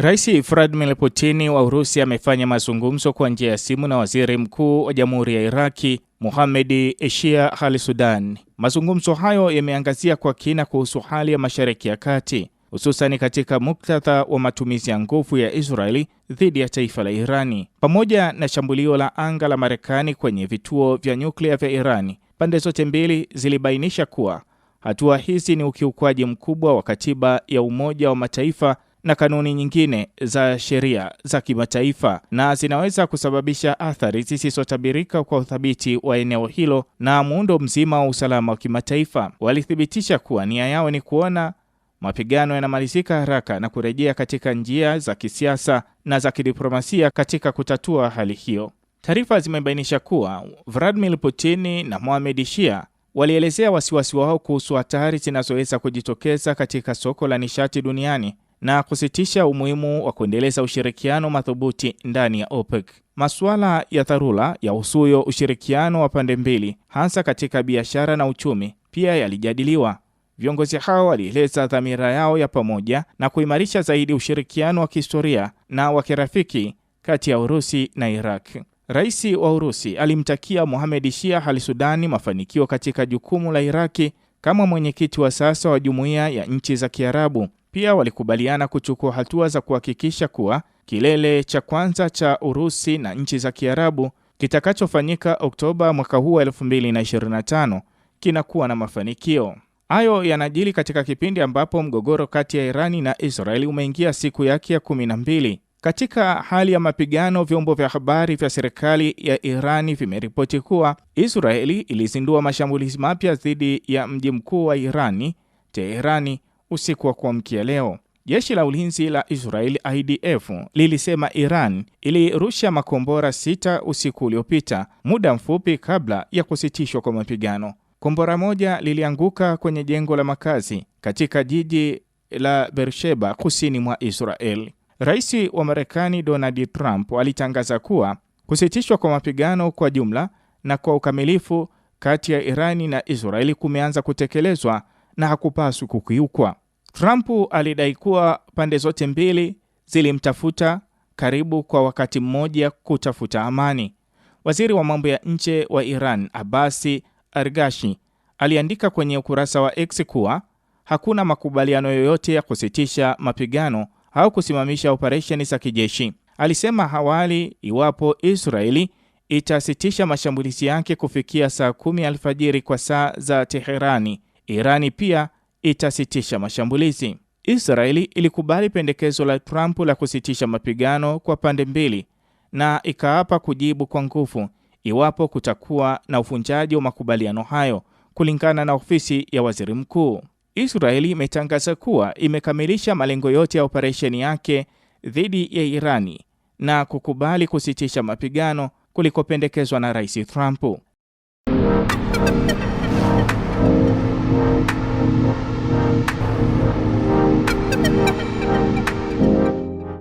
Rais Vladimir Putin wa Urusi amefanya mazungumzo kwa njia ya simu na Waziri Mkuu wa Jamhuri ya Iraki Mohamed Eshia Al Sudani. Mazungumzo hayo yameangazia kwa kina kuhusu hali ya Mashariki ya Kati, hususani katika muktadha wa matumizi ya nguvu ya Israeli dhidi ya taifa la Irani pamoja na shambulio la anga la Marekani kwenye vituo vya nyuklia vya Irani. Pande zote mbili zilibainisha kuwa hatua hizi ni ukiukwaji mkubwa wa katiba ya Umoja wa Mataifa na kanuni nyingine za sheria za kimataifa na zinaweza kusababisha athari zisizotabirika kwa uthabiti wa eneo hilo na muundo mzima wa usalama wa kimataifa. Walithibitisha kuwa nia yao ni kuona mapigano yanamalizika haraka na kurejea katika njia za kisiasa na za kidiplomasia katika kutatua hali hiyo. Taarifa zimebainisha kuwa Vladimir Putin na Mohamed Shia walielezea wasiwasi wao kuhusu hatari zinazoweza kujitokeza katika soko la nishati duniani na kusitisha umuhimu wa kuendeleza ushirikiano madhubuti ndani ya OPEC. Masuala ya dharura yahusuyo ushirikiano wa pande mbili, hasa katika biashara na uchumi, pia yalijadiliwa. Viongozi hao walieleza dhamira yao ya pamoja na kuimarisha zaidi ushirikiano wa kihistoria na wa kirafiki kati ya Urusi na Iraq. Rais wa Urusi alimtakia Mohamed Shia al-Sudani mafanikio katika jukumu la Iraki kama mwenyekiti wa sasa wa Jumuiya ya Nchi za Kiarabu pia walikubaliana kuchukua hatua za kuhakikisha kuwa kilele cha kwanza cha Urusi na nchi za Kiarabu kitakachofanyika Oktoba mwaka huu 2025 kinakuwa na mafanikio. Hayo yanajiri katika kipindi ambapo mgogoro kati ya Irani na Israeli umeingia siku yake ya 12. Katika hali ya mapigano, vyombo vya habari vya serikali ya Irani vimeripoti kuwa Israeli ilizindua mashambulizi mapya dhidi ya mji mkuu wa Irani, Teherani, usiku wa kuamkia leo. Jeshi la ulinzi la Israeli IDF lilisema Iran ilirusha makombora sita usiku uliopita, muda mfupi kabla ya kusitishwa kwa mapigano. Kombora moja lilianguka kwenye jengo la makazi katika jiji la Beersheba kusini mwa Israel. Rais wa Marekani Donald Trump alitangaza kuwa kusitishwa kwa mapigano kwa jumla na kwa ukamilifu kati ya Irani na Israeli kumeanza kutekelezwa na hakupaswi kukiukwa. trumpu alidai kuwa pande zote mbili zilimtafuta karibu kwa wakati mmoja kutafuta amani. Waziri wa mambo ya nje wa Iran Abasi Argashi aliandika kwenye ukurasa wa X kuwa hakuna makubaliano yoyote ya kusitisha mapigano au kusimamisha operesheni za kijeshi. Alisema hawali iwapo Israeli itasitisha mashambulizi yake kufikia saa kumi alfajiri kwa saa za Teherani Irani pia itasitisha mashambulizi. Israeli ilikubali pendekezo la Trump la kusitisha mapigano kwa pande mbili na ikaapa kujibu kwa nguvu iwapo kutakuwa na uvunjaji wa makubaliano hayo, kulingana na ofisi ya waziri mkuu. Israeli imetangaza kuwa imekamilisha malengo yote ya operesheni yake dhidi ya Irani na kukubali kusitisha mapigano kulikopendekezwa na Rais Trump.